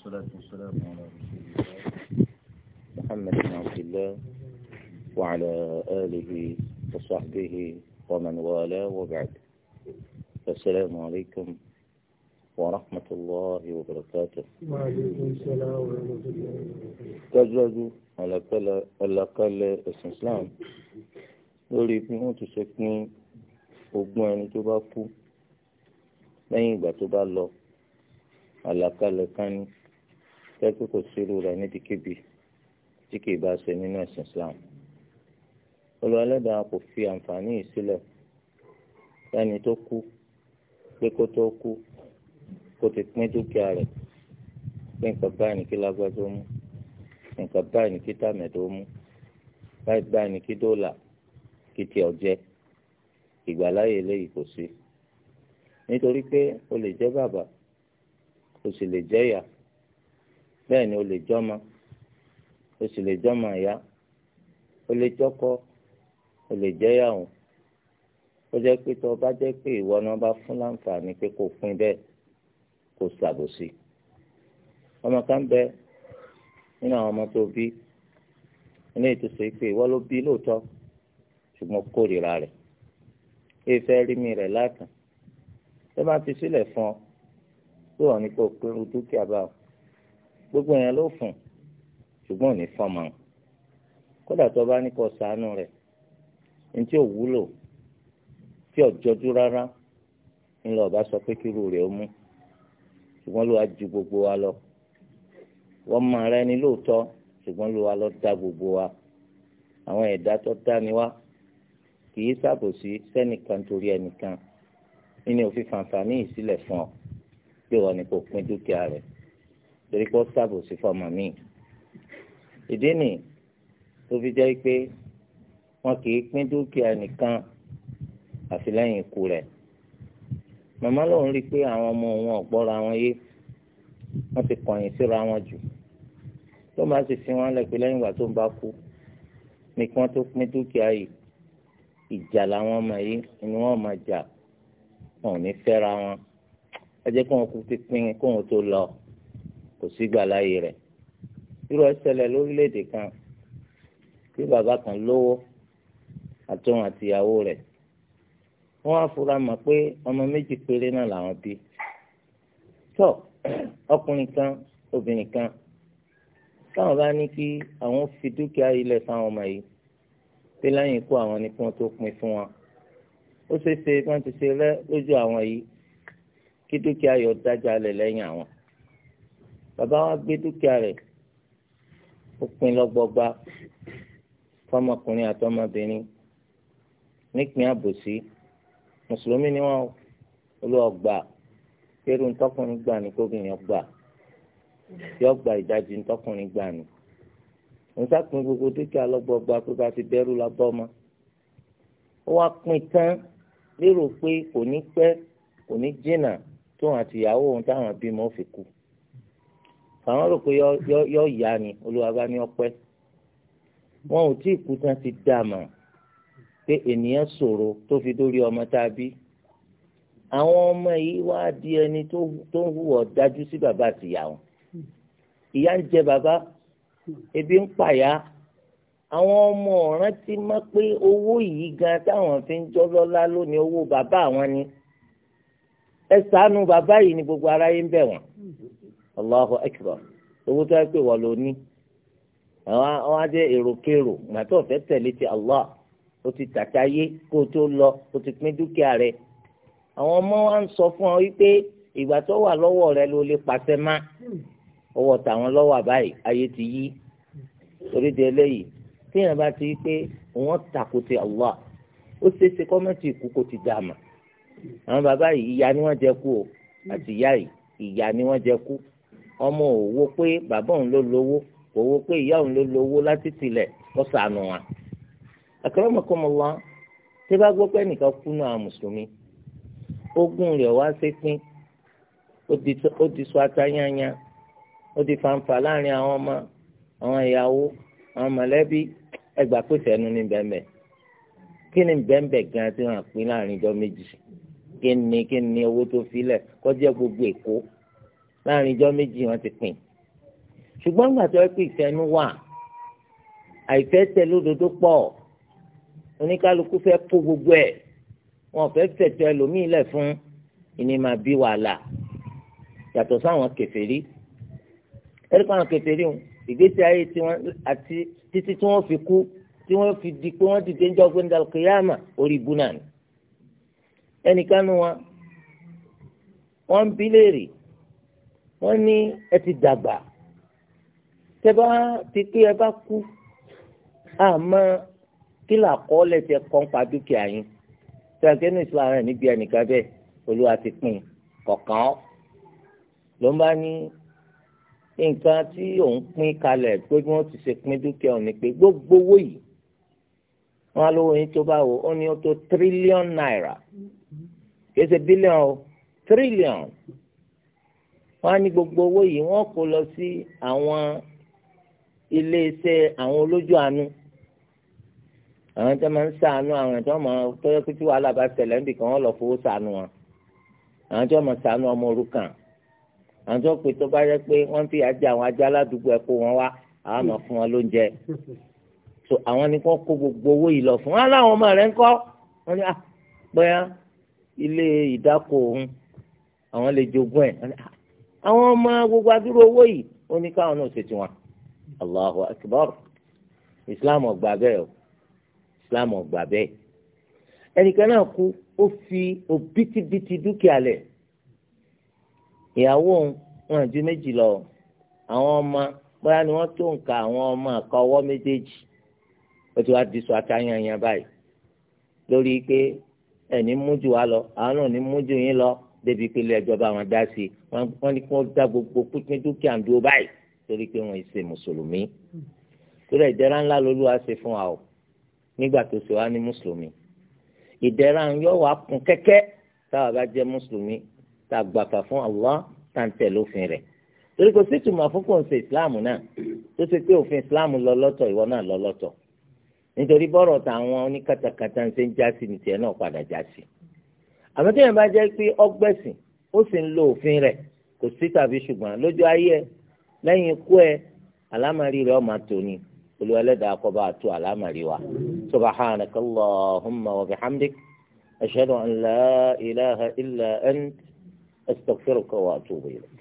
والصلاة والسلام على رسول الله محمد بن عبد الله وعلى آله وصحبه ومن والاه وبعد السلام عليكم ورحمة الله وبركاته وعليكم السلام ورحمة الله وبركاته على الأقل الإسلام lórí bí wọ́n ti ṣe pín ogún ẹni tó bá kú lẹ́yìn ìgbà tó bá lọ àlàkalẹ̀ kan ní kẹ́kẹ́ kò sírú rẹ̀ níbikíbi tí kì í bá ṣe nínú ẹ̀sìn Islam olùwàlẹ́dàá kò fi àǹfààní yìí sílẹ̀ lẹ́ni tó kú pé kó tó kú kó ti pín dúkìá rẹ̀ pé nǹkan báyìí ní kí lágbájá mú nǹkan báyìí ní kí tàmẹ̀dó mú báyìí báyìí ní kí dọ́là kí tiẹ̀ jẹ́ ìgbàláyè eléyìí kò sí nítorí pé o lè jẹ́ bàbá o sì lè jẹ́ ìyá bẹ́ẹ̀ ni o lè jọ́mọ o sì lè jọ́mọ ìyá o lè jọ́kọ o lè jẹ́yàwó ó jẹ́ pé tó bá jẹ́ pé ìwọ náà bá fún láǹfààní pé kò pín bẹ́ẹ̀ kò ṣàbòsí ọmọ kan bẹ nínú àwọn ọmọ tó bí ilé ìtòsí pé ìwọ ló bí lóòótọ́ ṣùgbọ́n kórìíra rẹ̀ ìfẹ́ rí mi rẹ̀ látàn tó bá ti sílẹ̀ fún ọ tó wà ní kó pinnu dúkìá báwọn gbogbo yẹn ló fún ṣùgbọ́n ò ní fọmọ kódà tó bá ní kó ṣàánú rẹ̀ ní tí ò wúlò tí ò jọjú rárá ńlọ ọba sọ pé kíru rẹ̀ ó mú ṣùgbọ́n ló wá ju gbogbo wa lọ wọ́n máa rẹ ni lóòótọ́ ṣùgbọ́n ló wá lọ dá gbogbo wa àwọn ẹ̀dá tó dá ni wá kì í ṣàbòsí sẹ́nìkan torí ẹnìkan nínú òfin fàǹfààní ìsílẹ̀ fún ọ pé wọ́n ní kò pín dúkìá rẹ̀ torí pé ó ṣàbòsí fọmọ mi ìdí nì tó fi jẹ́ pé wọn kì í pín dúkìá nìkan àfi lẹ́yìn ikú rẹ̀ màmá lòun rí i pé àwọn ọmọ òun ọ̀gbọ́ra wọn yé wọ́n ti kọ̀yìn síra wọn jù tó máa ti fi wọn lẹ̀ pé lẹ́yìn ìgbà tó ń bá kú ní kí wọ́n tó pín dúkìá yìí ìjà làwọn ọmọ yìí ni wọ́n máa jà wọn ò ní fẹ́ra wọn ẹ jẹ́ kí wọ́n kú ti pín kí wọ́n tó lọ kò sí gbàláyé rẹ̀ irú ẹsẹ̀lẹ̀ lórílẹ̀‐èdè kan tí bàbá kan lówó àtọ́wọn àtìyàwó rẹ̀ wọ́n á fura mọ̀ pé ọmọ méjì péré náà làwọn bí tó ọkùnrin kan obìnrin kan táwọn bá ní kí àwọn fi dúkìá ilẹ̀ fáwọn ọmọ yìí pé lẹ́yìn ikú àwọn ni kí wọ́n tó pín fún wọn ó ṣeé ṣe kí wọ́n ti ṣe rẹ́ lójú àwọn yìí kí dúkìá yọ dájà lẹ̀ lẹ́yìn àwọn bàbá wa gbé dúkìá rẹ̀ ó pín lọ́gbọgba fọmọkùnrin àtọmọbìnrin nípìn àbòsí mùsùlùmí ni wọn olùwà gbà kéré ntọkùnrin gbà ní kóbìnrin gbà yọ gba ìdajì ntọkùnrin gbà ní nsàkùnrin gbogbo dúkìá lọ́gbọgba pé bá ti dẹrù lábọ ọmọ ó wá pín tán lérò pé kò ní pẹ́ kò ní jìnnà tóun àtìyàwó òun táwọn bímọ fi kú àwọn rò pé yọ ìyá ni olúwa bá ní ọpẹ́ wọn ò tí ì kú tán ti dá mọ̀ pé ènìyàn ṣòro tó fi dórí ọmọ tá a bí àwọn ọmọ yìí wá di ẹni tó ń hùwà dájú sí bàbá àtìyá wọn ìyá ń jẹ bàbá ebi ń pàyà àwọn ọmọ ọ̀ràn ti mọ̀ pé owó yìí gan táwọn fi ń jọ́ lọ́lá lónìí owó bàbá àwọn ni ẹ ṣàánú bàbá yìí ni gbogbo aráyé ń bẹ̀ wọ́n. Allahu Akbar owó tó yẹ pé wọ́n lò ní àwọn ajẹ́ èròkèrò gbàtọ́ ọ̀fẹ́ tẹ̀lé ti Allah ó ti tàtà yé kó o tó lọ ó ti pín dúkìá rẹ̀ àwọn ọmọ wa ń sọ fún ọ wípé ìgbà tó wà lọ́wọ́ rẹ ló lè pàṣẹ má ọwọ́ tàwọn lọ́wọ́ àbáyé ayé ti yí torí de eléyìí téèyàn bá ti pé wọ́n takò ti Allah ó ṣeéṣe kọ́mẹ́ntì ikú kò ti dà mà àwọn bàbá yìí ìyá ni wọ́n jẹ kú o àti ìyá yìí ìyá ni wọ́n jẹ kú ọmọ ò wo pé bàbá òun ló lówó kò wo pé ìyá òun ló lówó láti tilẹ̀ kó sànù wa. akramakumullah tí bá gbọ́ pé nìkan kú náà mùsùlùmí ogún rẹ̀ wá sí pín ó di sọ atayányá ó di fanfa láàrin àwọn ọmọ àwọn ìyàwó àwọn mọ̀lẹ́bí ẹgbà pèsè ẹnu ní bẹ́ẹ̀ kí ni bẹ́ẹ̀ gan ti hàn pín láàrin ìjọ méjì kí ni kí ni owó tó filẹ̀ kọjá gbogbo èkó láàrin ijọ́ méjì wọn ti pín ṣùgbọ́n gbà tó ẹ pé ìfẹ́nu wà àìfẹ́ tẹ lódodo pọ̀ oníkálukú fẹ́ kó gbogbo ẹ̀ wọn fẹ́ fẹ̀tọ́ ẹlòmíì lẹ̀ fún ìní máa bí wàhálà yàtọ̀ sáwọn kèfèrí ẹ̀ríkọ́ àwọn kèfèrí wọn ìgbésí ayé tiwọn àti títí tí wọ́n fi kú tí wọ́n fi di pé wọ́n dìde ń jọ pé ń dàlù kìyàmà orí ibu náà ni ẹnìkanu wọn wọ́n ń bí léèrè wọ́n ní ẹ ti dàgbà tẹ bá ti pé ẹ bá kú àmọ́ kí là kọ́ lẹ́sẹ̀ kọ́ ń pa dúkìá yín sàkínú islam rẹ̀ níbi ẹnìkan bẹ́ẹ̀ olúwa ti pín kọ̀ọ̀kan ló ń bá ní nǹkan tí òun pín kalẹ̀ pé bí wọ́n ti ṣe pín dúkìá òun ni pé gbogbo owó yìí wọ́n á lówó yín tó bá wò ó ní ó tó tírílíọ̀n náírà kì í ṣe bílíọ̀n o wọ́n á ní gbogbo owó yìí wọ́n kó lọ sí àwọn iléeṣẹ́ àwọn olójú àánú àwọn tó máa ń ṣàánú àwọn tó máa tó yẹ kó tí wàhálà bá ṣẹlẹ̀ níbi kan wọ́n lọ fowó ṣàánú wọn àwọn tó máa ṣàánú ọmọ òrukàn àwọn tó pè tó bá yẹ pé wọ́n fi àjẹ àwọn ajá aládùúgbò ẹ̀ kó wọn wá àwọn máa fún wọn lóúnjẹ so àwọn ni kò kó gbogbo owó yìí lọ fún wọn láwọn ọmọ rẹ̀ ń kọ́ wọ́n ní à ah, bóyá ilé ìdáko òun àwọn lè jogún ẹ̀ wọ́n ní à ah, àwọn ọmọ gbogbo adúrò owó yìí ó ní káwọn náà ṣe tiwọn allahu akbar islam ọgbà bẹ́ẹ̀ o islam ọgbà bẹ́ẹ̀ ẹnìkan náà kú ó fi òbítíbitì dúkìá lẹ̀ ìyàwó wọn ju méjì lọ àwọn ọmọ bóyá ni wọ́n tó nǹka àwọn ọmọ àkọ́wọ́ méjèèjì ó ti wá di sọ àtàyànyàn báyìí lórí pé ẹni mú jù wá lọ àwọn náà ní mú jù yín lọ débi pé ilé ẹjọ́ bá wọn dá sí i wọ́n ní kí wọ́n dá gbogbo pínpín dúkìá ń dúró báyìí torí pé wọ́n ṣe mùsùlùmí torí ìdẹ̀ra ńlá lolúwa ṣe fún wa o nígbà tó ṣe wá ní mùsùlùmí ìdẹ̀ra ń yọ wá kún kẹ́kẹ́ táwa bá jẹ́ mùsùlùmí tá a gbàgbà fún Allah tá à ń tẹ̀lé òfin rẹ̀ torí kò sí ìtumọ̀ fún ń ṣe ìsìláàmù náà tó ṣe pé òfin ìsìláàmù lọ ìwọ náà lọ nítorí bọ́rọ̀ táwọn oníkatakata ń ṣe ń já sí náà padà já àmọ́ tí yẹn bá jẹ́ pé ọgbẹ́sìn ó sì ń lo òfin rẹ̀ kò sí tàbí ṣùgbọ́n lójú ayé ẹ lẹ́yìn ikú ẹ àlámàrí rẹ̀ ọ̀ma tòní olùwẹ̀lẹ́dàá kọba àtú àlámàrí wa subhanaka allahumma wa bihamdik ashhadu an la ilaha illa ant astaghfiruka wa atubu ilayk.